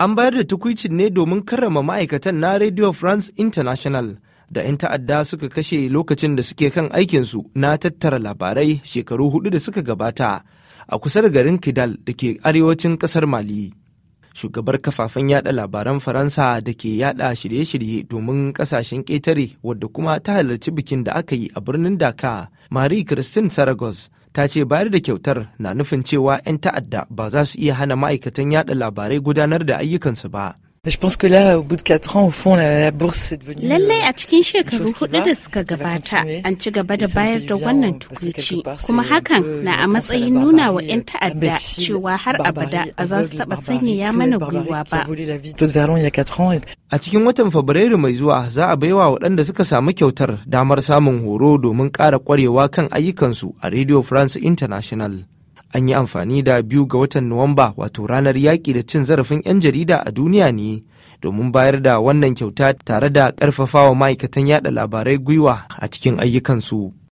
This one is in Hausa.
An bayar da tukuicin ne domin karrama ma'aikatan na Radio France International da 'yan ta'adda suka kashe lokacin da suke kan aikinsu na tattara labarai shekaru hudu da suka gabata a kusa da garin Kidal da ke arewacin kasar Mali. Shugabar kafafen yada labaran Faransa da ke yada shirye-shirye domin kasashen ƙetare wadda kuma ta halarci bikin da aka yi a birnin Dakar, Marie Christine Saragos ta ce bayar da kyautar na nufin cewa 'yan ta'adda ba za su iya hana ma'aikatan yada labarai gudanar da ayyukansu ba. Je pense que là, au bout de 4 ans, au fond, la, la bourse est devenue. Lallai a cikin shekaru hudu da suka gabata, an ci gaba da bayar da wannan tukuici, kuma hakan na a matsayin nuna wa 'yan ta'adda cewa har abada a za su taɓa sanyaya mana gwiwa ba. A cikin watan Fabrairu mai zuwa za a baiwa waɗanda suka samu kyautar damar samun horo domin ƙara ƙwarewa kan ayyukansu a Radio France International. an yi amfani da biyu ga watan nuwamba wato ranar yaƙi da cin zarafin 'yan jarida a duniya ne domin bayar da wannan kyauta tare da ƙarfafawa ma'aikatan yada labarai gwiwa a cikin ayyukansu